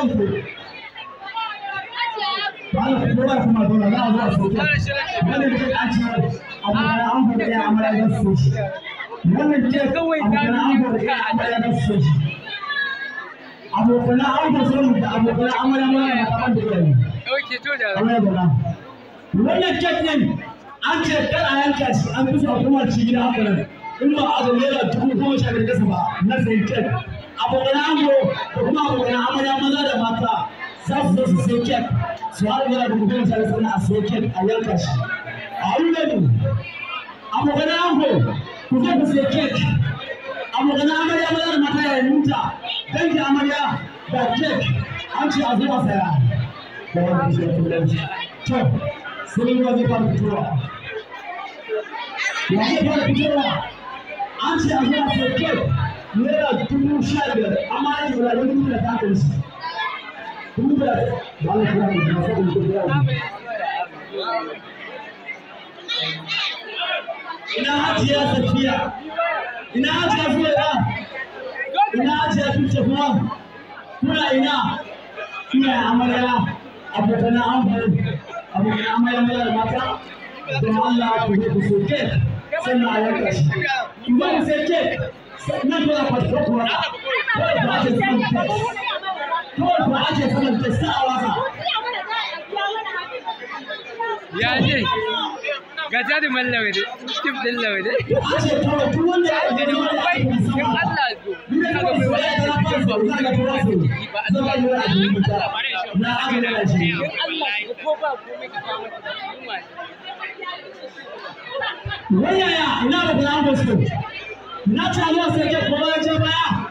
kanku ba Allah ku dora kuma dora za a zo a soke wannan ke ɗaci abu da an faɗa ya amara ya so shi wannan ke kawai abu da an faɗa ya amara ya so shi abokan an faɗa so da abokan amara ya kamar da yayi ɗauke to da wannan ke nan an ce kar a yanka shi an fi so a kuma ci gida haka nan in ba a zo naira dubu goma sha biyar kasa ba na sayi kek abokan ango da kuma abokan amarya maza da mata za su zo su sai kek su har yana da mutum tare sana a sai kek a yanka shi a wuri abokan ango ku zo ku sai kek abokan amarya maza da mata ya nuta dangi amarya da kek an ce a zuwa saya da wani kusa da turanci to sai yi wani fara fitowa ya yi fara fitowa an ce a zuwa sai kek naira dubu sha biyar amma ake wala da dubu da ta kai su dubu da ba na kuma da masu kuma da ina hajiya safiya ina hajiya fiye ina hajiya fice kuma kuna ina kuna amarya abokan amfani abokan amarya da mata don Allah ku je ku soke sannan a shi. Iban sai ke nan tana kwatakwa kuma da ake saman ta kawai kuma ake saman ta a wasa ya ce ga jari mallawa ne kif din lawa ne Wayaya ina da na tare sai ke kowa baya